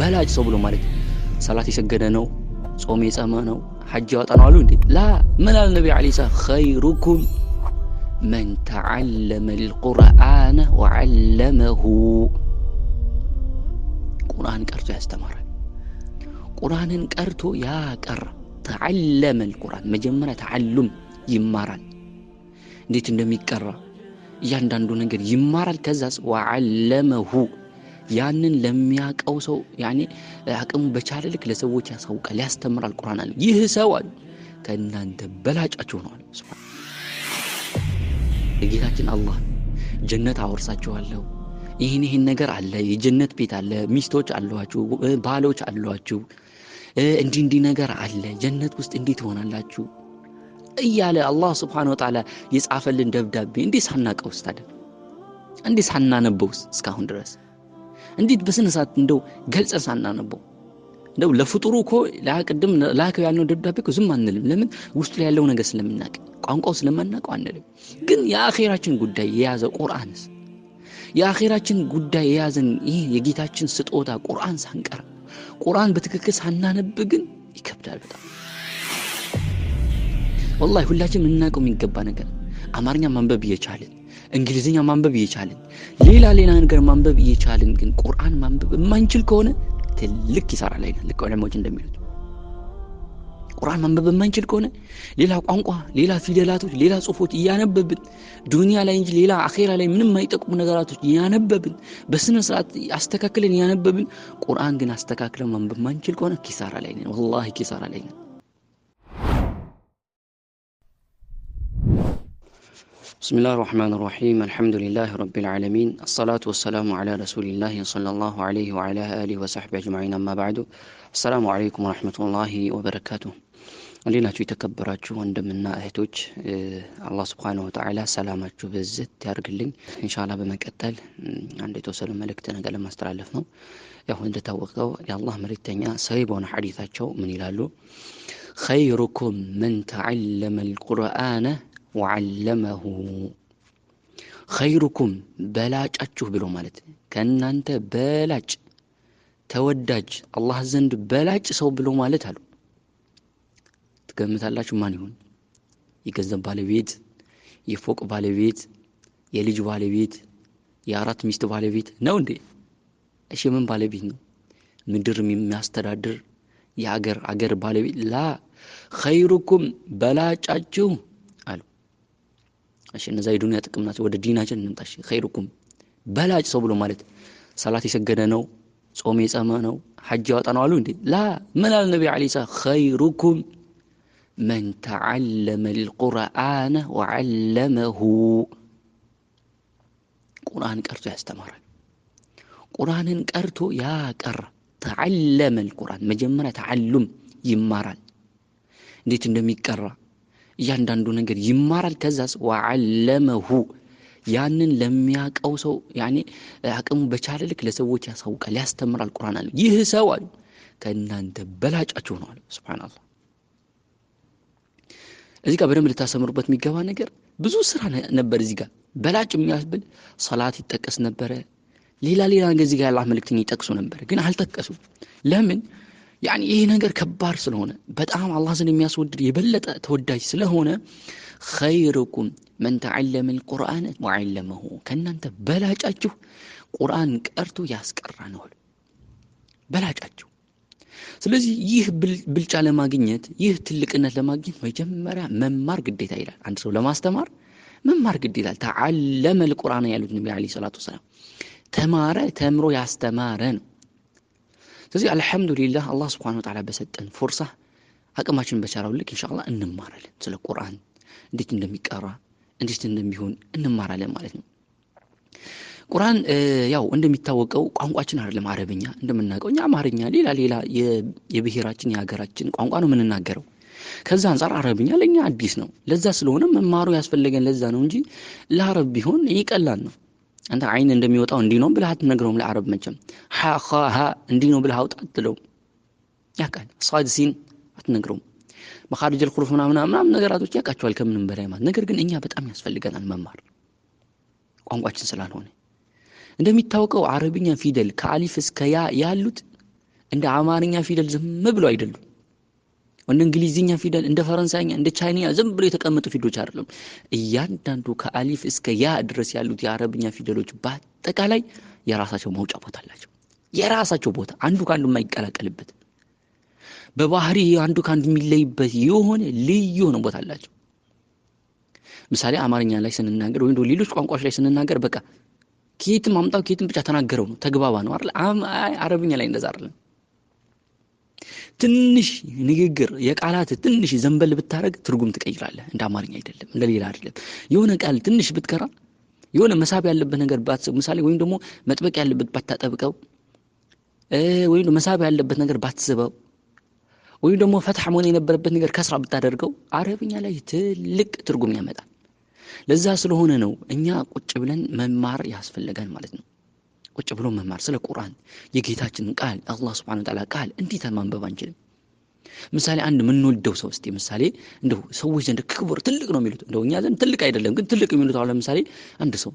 በላጭ ሰው ብሎ ማለት ሰላት የሰገደ ነው፣ ጾም የጸመ ነው፣ ሐጅ ያወጣ ነው አሉ እንዴ? ላ ምን አሉ ነቢ ዓለይሂ ሰላም ኸይሩኩም መን ተዓለመ ልቁርአነ ወዓለመሁ። ቁርአን ቀርቶ ያስተማራል። ቁርአንን ቀርቶ ያቀራ ተዓለመ ልቁርአን መጀመሪያ ተዓሉም ይማራል፣ እንዴት እንደሚቀራ እያንዳንዱ ነገር ይማራል። ከዛስ ወዓለመሁ ያንን ለሚያቀው ሰው ያኔ አቅሙ በቻለ ልክ ለሰዎች ያሳውቃል፣ ያስተምራል። ቁርአን አለ ይህ ሰው አሉ ከእናንተ በላጫችሁ ሆነዋል። ጌታችን አላህ ጀነት አወርሳችኋለሁ ይህን ይህን ነገር አለ፣ የጀነት ቤት አለ፣ ሚስቶች አሏችሁ፣ ባሎች አሏችሁ፣ እንዲህ እንዲህ ነገር አለ፣ ጀነት ውስጥ እንዲህ ትሆናላችሁ እያለ አላህ ስብሓነሁ ወተዓላ የጻፈልን ደብዳቤ እንዲህ ሳናቀውስ ታዲያ እንዲህ ሳናነበውስ እስካሁን ድረስ እንዴት በስነ ሰዓት እንደው ገልጸን ሳናነበው እንደው ለፍጡሩ እኮ ቅድም ላከው ያለው ደብዳቤ እኮ ዝም አንልም። ለምን ውስጡ ላይ ያለው ነገር ስለምናቀ ቋንቋው ስለማናቀው አንልም። ግን የአኼራችን ጉዳይ የያዘ ቁርአንስ የአኼራችን ጉዳይ የያዘን ይህ የጌታችን ስጦታ ቁርአን ሳንቀር ቁርአን በትክክል ሳናነብ ግን ይከብዳል በጣም ወላሂ። ሁላችን ልናውቀው የሚገባ ነገር አማርኛ ማንበብ እየቻልን እንግሊዝኛ ማንበብ እየቻልን ሌላ ሌላ ነገር ማንበብ እየቻልን ግን ቁርአን ማንበብ የማንችል ከሆነ ትልቅ ይሰራ ላይ ልቅ ልክ እንደሚሉት ቁርአን ማንበብ የማንችል ከሆነ ሌላ ቋንቋ፣ ሌላ ፊደላቶች፣ ሌላ ጽሁፎች እያነበብን ዱንያ ላይ እንጂ ሌላ አኼራ ላይ ምንም የማይጠቅሙ ነገራቶች እያነበብን በስነ ስርዓት አስተካክለን እያነበብን ቁርአን ግን አስተካክለን ማንበብ የማንችል ከሆነ ኪሳራ ላይ ነን። ወላሂ ኪሳራ ላይ ነን። بسم الله الرحمن الرحيم الحمد لله رب العالمين الصلاة والسلام على رسول الله صلى الله عليه وعلى آله وصحبه أجمعين أما بعد السلام عليكم ورحمة الله وبركاته ሌላችሁ የተከበራችሁ ወንድምና እህቶች አላህ ስብሓን ወተላ ሰላማችሁ ብዝት ያርግልኝ እንሻላ በመቀጠል አንድ የተወሰነ استرالفنا ነገር ለማስተላለፍ ነው يا الله የአላህ تنيا ሰሂ حديثات شو من ይላሉ خيركم من تعلم القرآن ወዓለመሁ ኸይሩኩም በላጫችሁ ብሎ ማለት ከእናንተ በላጭ ተወዳጅ አላህ ዘንድ በላጭ ሰው ብሎ ማለት አሉ። ትገምታላችሁ ማን ይሆን? የገንዘብ ባለቤት፣ የፎቅ ባለቤት፣ የልጅ ባለቤት፣ የአራት ሚስት ባለቤት ነው እንዴ? እሺ ምን ባለቤት ነው? ምድር የሚያስተዳድር የአገር አገር ባለቤት ላ ኸይሩኩም በላጫችሁ እሺ እነዛ የዱንያ ጥቅም ናቸው። ወደ ዲናችን እንምጣሽ። ኸይሩኩም በላጭ ሰው ብሎ ማለት ሰላት የሰገደ ነው፣ ጾም የጸመ ነው፣ ሐጅ ያወጣ ነው አሉ እንዴ? ላ ምን አለ ነቢ ዓለይሂ ሰላም ኸይሩኩም መን ተዓለመ ልቁርአነ ወዓለመሁ ቁርአን ቀርቶ ያስተማራል። ቁርአንን ቀርቶ ያቀራ ተዓለመ ልቁርአን መጀመሪያ ተዓሉም ይማራል እንዴት እንደሚቀራ እያንዳንዱ ነገር ይማራል። ከዛስ ወዓለመሁ ያንን ለሚያቀው ሰው ያኔ አቅሙ በቻለ ልክ ለሰዎች ያሳውቃል፣ ያስተምራል። ቁርአን አለ ይህ ሰው አሉ ከእናንተ በላጫችሁ ነው አለ። ሱብሃነላህ እዚህ ጋር በደንብ ልታሰምሩበት የሚገባ ነገር ብዙ ስራ ነበር። እዚህ ጋር በላጭ የሚያስብል ሰላት ይጠቀስ ነበረ። ሌላ ሌላ ነገር እዚህ ጋር የአላህ መልእክተኛ ይጠቅሱ ነበር፣ ግን አልጠቀሱም። ለምን? ያኒ ይህ ነገር ከባድ ስለሆነ በጣም አላህ ዘንድ የሚያስወድድ የበለጠ ተወዳጅ ስለሆነ ኸይርኩም መን ተዓለመ ልቁርአን ወዓለመሁ ከእናንተ በላጫችሁ ቁርአን ቀርቶ ያስቀራ ነው በላጫችሁ ስለዚህ ይህ ብልጫ ለማግኘት ይህ ትልቅነት ለማግኘት መጀመሪያ መማር ግዴታ ይላል አንድ ሰው ለማስተማር መማር ግዴታ ተዓለመ ልቁርአን ያሉት ነቢ ለ ሰላት ወሰላም ተማረ ተምሮ ያስተማረ ነው ስለዚህ አልሐምዱሊላህ አላህ ስብሓን ወተዓላ በሰጠን ፎርሳ አቅማችን በቻለው ልክ ኢንሻአላህ እንማራለን። ስለ ቁርአን እንዴት እንደሚቀራ እንዴት እንደሚሆን እንማራለን ማለት ነው። ቁርአን ያው እንደሚታወቀው ቋንቋችን አይደለም አረብኛ እንደምናውቀው እኛ አማርኛ፣ ሌላ ሌላ የብሔራችን የሀገራችን ቋንቋ ነው የምንናገረው። ከዛ አንጻር አረብኛ ለእኛ አዲስ ነው። ለዛ ስለሆነ መማሩ ያስፈለገን ለዛ ነው እንጂ ለአረብ ቢሆን ይቀላል ነው አንተ አይን እንደሚወጣው እንዲህ ነው ብለህ አትነግረውም ለአረብ መቼም ሀ ሀ እንዲህ ነው ብለህ አውጣ ያቃል ያውቃል ሳድሲን አትነግረውም መኻሪጅ ልኩሩፍ ምናምን ምናምን ነገራቶች ያውቃቸዋል ከምንም በላይ ማለት ነገር ግን እኛ በጣም ያስፈልገናል መማር ቋንቋችን ስላልሆነ እንደሚታወቀው አረብኛ ፊደል ከአሊፍ እስከ ያ ያሉት እንደ አማርኛ ፊደል ዝም ብሎ አይደሉም እንደ እንግሊዝኛ ፊደል እንደ ፈረንሳይኛ እንደ ቻይንኛ ዝም ብሎ የተቀመጡ ፊደሎች አይደለም። እያንዳንዱ ከአሊፍ እስከ ያ ድረስ ያሉት የአረብኛ ፊደሎች በአጠቃላይ የራሳቸው መውጫ ቦታ አላቸው። የራሳቸው ቦታ አንዱ ከአንዱ የማይቀላቀልበት በባህሪ አንዱ ከአንዱ የሚለይበት የሆነ ልዩ የሆነ ቦታ አላቸው። ምሳሌ አማርኛ ላይ ስንናገር ወይም ሌሎች ቋንቋዎች ላይ ስንናገር በቃ ከየትም አምጣው ከየትም ብቻ ተናገረው ነው ተግባባ ነው አይደል? አረብኛ ላይ እንደዛ አይደለም። ትንሽ ንግግር የቃላት ትንሽ ዘንበል ብታደረግ ትርጉም ትቀይራለህ። እንደ አማርኛ አይደለም፣ እንደ ሌላ አይደለም። የሆነ ቃል ትንሽ ብትከራ የሆነ መሳብ ያለበት ነገር ባትስብ፣ ምሳሌ ወይም ደግሞ መጥበቅ ያለበት ባታጠብቀው፣ ወይም ደግሞ መሳብ ያለበት ነገር ባትስበው፣ ወይም ደግሞ ፈትሐ መሆን የነበረበት ነገር ከስራ ብታደርገው አረብኛ ላይ ትልቅ ትርጉም ያመጣል። ለዛ ስለሆነ ነው እኛ ቁጭ ብለን መማር ያስፈለገን ማለት ነው። ቁጭ ብሎ መማር ስለ ቁርአን የጌታችንን ቃል አላህ ስብሐነ ወተዓላ ቃል እንዴት ማንበብ አንችልም? ምሳሌ አንድ የምንወልደው ሰው እስቲ ምሳሌ እንደው ሰዎች ዘንድ ክቡር ትልቅ ነው የሚሉት እንደው እኛ ዘንድ ትልቅ አይደለም ግን ትልቅ የሚሉት አሁን ለምሳሌ አንድ ሰው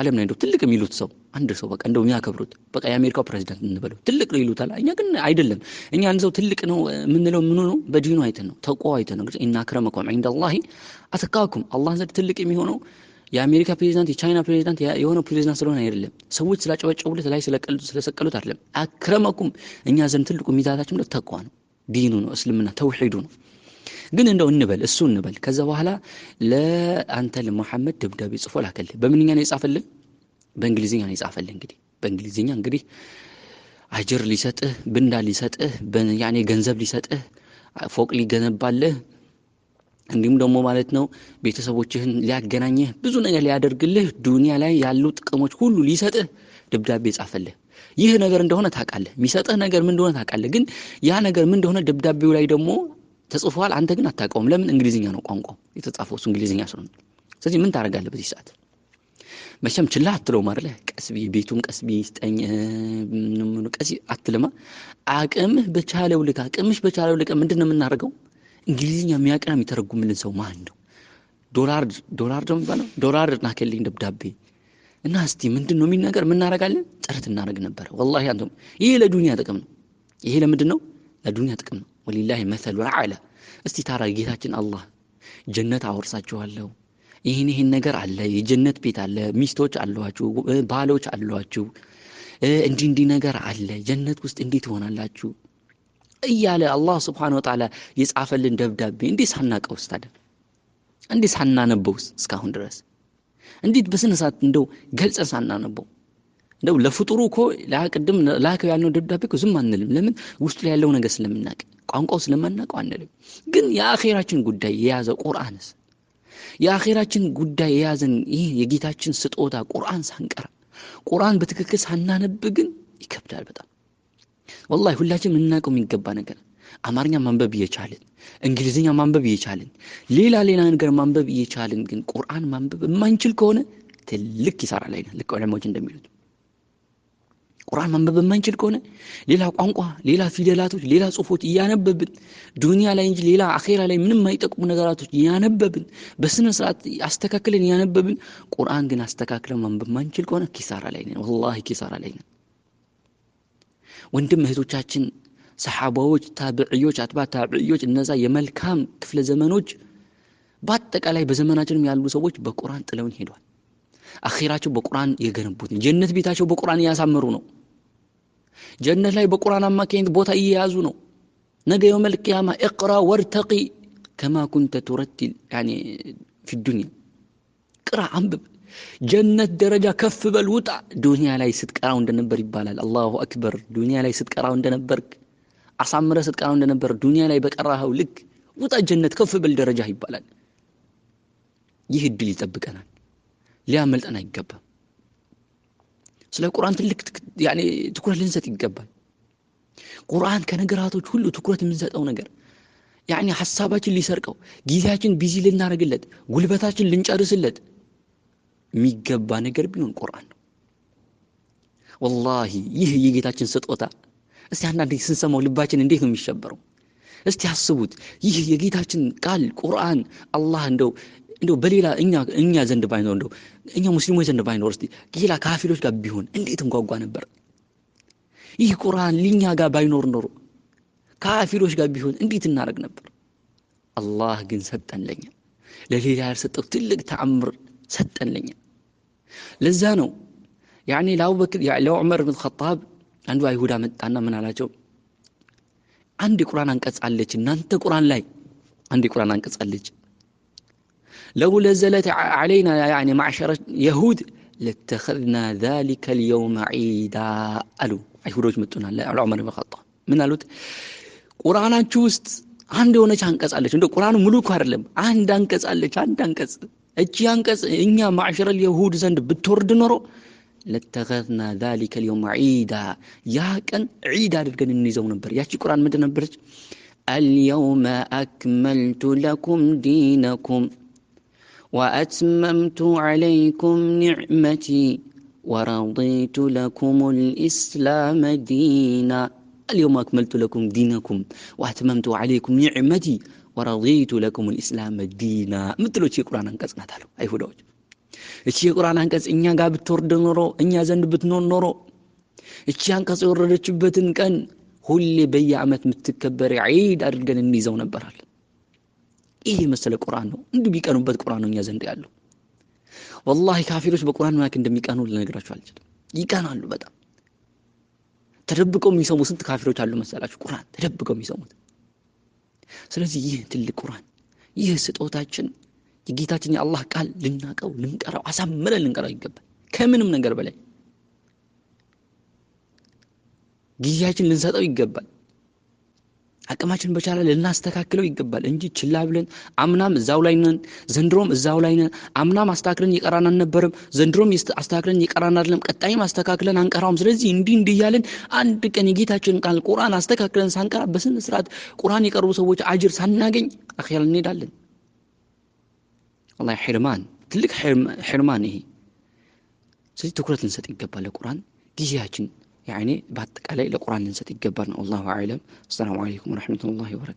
ዓለም ላይ እንደው ትልቅ የሚሉት ሰው አንድ ሰው በቃ እንደው የሚያከብሩት በቃ የአሜሪካው ፕሬዚዳንት እንበለው ትልቅ ነው ይሉታል። እኛ ግን አይደለም። እኛ አንድ ሰው ትልቅ ነው የምንለው ምኑ ነው? በዲኑ አይተን ነው ተቋ አይተን ነው። ኢነ አክረመኩም ዒንደላሂ አትቃኩም። አላህ ዘንድ ትልቅ የሚሆነው የአሜሪካ ፕሬዚዳንት የቻይና ፕሬዚዳንት የሆነው ፕሬዚዳንት ስለሆነ አይደለም። ሰዎች ስላጨበጨቡለት ላይ ስለሰቀሉት አይደለም። አክረመኩም እኛ ዘንድ ትልቁ ሚዛታችን ተቋ ነው፣ ዲኑ ነው፣ እስልምና ተውሒዱ ነው። ግን እንደው እንበል እሱ እንበል። ከዛ በኋላ ለአንተ ለሙሐመድ ደብዳቤ ጽፎ ላከል። በምንኛ ነው የጻፈልን? በእንግሊዝኛ ነው የጻፈልን። እንግዲህ በእንግሊዝኛ እንግዲህ አጅር ሊሰጥህ፣ ብንዳ ሊሰጥህ፣ ያኔ ገንዘብ ሊሰጥህ፣ ፎቅ ሊገነባልህ እንዲሁም ደግሞ ማለት ነው ቤተሰቦችህን ሊያገናኝህ ብዙ ነገር ሊያደርግልህ ዱንያ ላይ ያሉ ጥቅሞች ሁሉ ሊሰጥህ ደብዳቤ ጻፈልህ። ይህ ነገር እንደሆነ ታውቃለህ፣ የሚሰጥህ ነገር ምን እንደሆነ ታውቃለህ። ግን ያ ነገር ምን እንደሆነ ደብዳቤው ላይ ደግሞ ተጽፏል፣ አንተ ግን አታውቀውም። ለምን? እንግሊዝኛ ነው ቋንቋው የተጻፈው፣ እሱ እንግሊዝኛ ስለሆነ። ስለዚህ ምን ታደርጋለህ በዚህ ሰዓት? መቼም ችላ አትለውም አይደለ? ቀስቢ ቤቱም ቀስቢ ስጠኝ ቀስ አትልማ። አቅምህ በቻለው ልክ አቅምሽ በቻለው ልክ ምንድን ነው የምናደርገው እንግሊዝኛ የሚያቅና የሚተረጉምልን ሰው ማን ነው? ዶላርድ ዶላርድ ነው የሚባለው። ዶላር ናከልኝ ደብዳቤ እና እስቲ ምንድን ነው የሚል ነገር የምናረጋለን፣ ጥረት እናደረግ ነበረ። ወላሂ አንተም ይሄ ለዱኒያ ጥቅም ነው። ይሄ ለምንድን ነው? ለዱኒያ ጥቅም ነው። ወሊላሂ መሰሉ አዕላ። እስቲ ታራ ጌታችን አላህ ጀነት አወርሳችኋለሁ ይህን ይህን ነገር አለ፣ የጀነት ቤት አለ፣ ሚስቶች አሏችሁ፣ ባሎች አሏችሁ፣ እንዲህ እንዲህ ነገር አለ፣ ጀነት ውስጥ እንዴት ትሆናላችሁ እያለ አላህ ስብሓን ወተዓላ የጻፈልን ደብዳቤ እንዲህ ሳናቀውስ ስታደ እንዲህ ሳናነበው እስካሁን ድረስ እንዴት በስነ ሰዓት እንደው ገልጸን ሳናነበው እንደው ለፍጡሩ እኮ ቅድም ላከው ያልነው ደብዳቤ እኮ ዝም አንልም። ለምን ውስጡ ላይ ያለው ነገር ስለምናቅ ቋንቋው ስለማናቀው አንልም። ግን የአኼራችን ጉዳይ የያዘ ቁርአንስ የአኼራችን ጉዳይ የያዘን ይህ የጌታችን ስጦታ ቁርአን ሳንቀራ ቁርአን በትክክል ሳናነብ ግን ይከብዳል በጣም። ወላሂ ሁላችንም ልናውቀው የሚገባ ነገር አማርኛ ማንበብ እየቻልን እንግሊዝኛ ማንበብ እየቻልን ሌላ ሌላ ነገር ማንበብ እየቻልን ግን ቁርአን ማንበብ የማንችል ከሆነ ትልቅ ኪሳራ ላይ ልክ ዕለማዎች እንደሚሉት ቁርአን ማንበብ የማንችል ከሆነ ሌላ ቋንቋ፣ ሌላ ፊደላቶች፣ ሌላ ጽሁፎች እያነበብን ዱንያ ላይ እንጂ ሌላ አኼራ ላይ ምንም የማይጠቅሙ ነገራቶች እያነበብን በስነ ስርዓት አስተካክለን እያነበብን ቁርአን ግን አስተካክለን ማንበብ የማንችል ከሆነ ኪሳራ ላይ ነን። ወላሂ ኪሳራ ላይ ነን። ወንድም እህቶቻችን ሰሓባዎች፣ ታብዕዮች፣ አትባ ታብዕዮች እነዛ የመልካም ክፍለ ዘመኖች በአጠቃላይ በዘመናችንም ያሉ ሰዎች በቁርአን ጥለውን ሄዷል። አኼራቸው በቁርአን የገነቡት ጀነት ቤታቸው በቁርአን እያሳመሩ ነው። ጀነት ላይ በቁርአን አማካኝነት ቦታ እየያዙ ነው። ነገ የውመል ቅያማ እቅራ ወርተቂ ከማ ኩንተ ቱረቲል ፊ ዱንያ ቅራ አንብብ ጀነት ደረጃ ከፍ በል ውጣ። ዱንያ ላይ ስትቀራው እንደነበር ይባላል። አላሁ አክበር። ዱንያ ላይ ስትቀራው እንደነበር አሳምረ ስትቀራው እንደነበር ዱንያ ላይ በቀራኸው ልክ ውጣ፣ ጀነት ከፍ በል ደረጃ ይባላል። ይህ እድል ይጠብቀናል፣ ሊያመልጠን አይገባም። ስለ ቁርአን ትልቅ ትኩረት ልንሰጥ ይገባል። ቁርአን ከነገራቶች ሁሉ ትኩረት የምንሰጠው ነገር ያኔ ሐሳባችን ሊሰርቀው፣ ጊዜያችን ቢዚ ልናደርግለት፣ ጉልበታችን ልንጨርስለት የሚገባ ነገር ቢሆን ቁርአን ነው። ወላሂ ይህ የጌታችን ስጦታ እስቲ አንዳንዴ ስንሰማው ልባችን እንዴት ነው የሚሸበረው? እስቲ አስቡት። ይህ የጌታችን ቃል ቁርአን አላህ እንደው እንደው በሌላ እኛ እኛ ዘንድ ባይኖር እንደው እኛ ሙስሊሞች ዘንድ ባይኖር እስቲ ሌላ ካፊሎች ጋር ቢሆን እንዴት እንጓጓ ነበር። ይህ ቁርአን ልኛ ጋር ባይኖር ኖሮ ካፊሎች ጋር ቢሆን እንዴት እናደርግ ነበር? አላህ ግን ሰጠን ለኛ። ለሌላ ያልሰጠው ትልቅ ተአምር ሰጠን ለኛ። ለዛ ነው ያኔ ለአቡበክር ለዑመር ብን ኸጣብ አንዱ አይሁዳ መጣና ምን አላቸው አንድ የቁርአን አንቀጽ አለች እናንተ ቁርአን ላይ አንድ የቁርአን አንቀጽ አለች ለው ለዘለት ዓለይና ያኒ ማዕሸረ የሁድ ለተኸዝና ذلك اليوم ዒዳ አሉ አይሁዶች መጡና ለዑመር ብን ኸጣብ ምን አሉት ቁርአናችሁ ውስጥ አንድ የሆነች አንቀጽ አለች እንደ ቁርአኑ ሙሉ እኮ አይደለም አንድ አንቀጽ አለች አንድ አንቀጽ እቺ አንቀጽ እኛ ማዕሽረ የሁድ ዘንድ ብትወርድ ኖሮ ለተኸዝና ዛሊከ ልየውም ዒዳ ያ ቀን ዒድ አድርገን እንይዘው ነበር ያቺ ቁርአን ምንድን ነበረች اليوم أكملت لكم دينكم وأتممت عليكم نعمتي ورضيت لكم الإسلام دينا اليوم أكملت لكم دينكم وأتممت عليكم نعمتي ወረዲቱ ለኩም ልእስላም ዲና የምትሎች የቁርአን አንቀጽ ናት አለው አይሁዳዎች። እቺ የቁርአን አንቀጽ እኛ ጋር ብትወርድ ኖሮ እኛ ዘንድ ብትኖር ኖሮ እቺ አንቀጽ የወረደችበትን ቀን ሁሌ በየዓመት የምትከበር ዒድ አድርገን እንይዘው ነበራል። ይህ የመሰለ ቁርአን ነው። እንዲሁ ቢቀኑበት ቁርአን ነው እኛ ዘንድ ያለው። ወላሂ ካፊሮች በቁርአን ማክ እንደሚቀኑ ልነግራቸው አልችልም። ይቀናሉ በጣም ተደብቀው የሚሰሙ ስንት ካፊሮች አሉ መሰላችሁ? ቁርአን ተደብቀው የሚሰሙት ስለዚህ ይህ ትልቅ ቁርአን ይህ ስጦታችን የጌታችን የአላህ ቃል ልናቀው ልንቀራው አሳምረን ልንቀራው ይገባል ከምንም ነገር በላይ ጊዜያችን ልንሰጠው ይገባል አቅማችን በቻለ ልናስተካክለው ይገባል እንጂ ችላ ብለን አምናም እዛው ላይ ነን፣ ዘንድሮም እዛው ላይ ነን። አምናም አስተካክለን ይቀራን አልነበረም፣ ዘንድሮም አስተካክለን ይቀራን አይደለም፣ ቀጣይም አስተካክለን አንቀራውም። ስለዚህ እንዲህ እንዲህ እያለን አንድ ቀን የጌታችንን ቃል ቁርአን አስተካክለን ሳንቀራ በስነ ስርዓት ቁርአን የቀርቡ ሰዎች አጅር ሳናገኝ አኼራ እንሄዳለን። አላህ ሕርማን፣ ትልቅ ሕርማን ይሄ። ስለዚህ ትኩረት ልንሰጥ ይገባል ለቁርአን ጊዜያችን يعني باتك علي القرآن ننسى تقبرنا الله أعلم السلام عليكم ورحمة الله وبركاته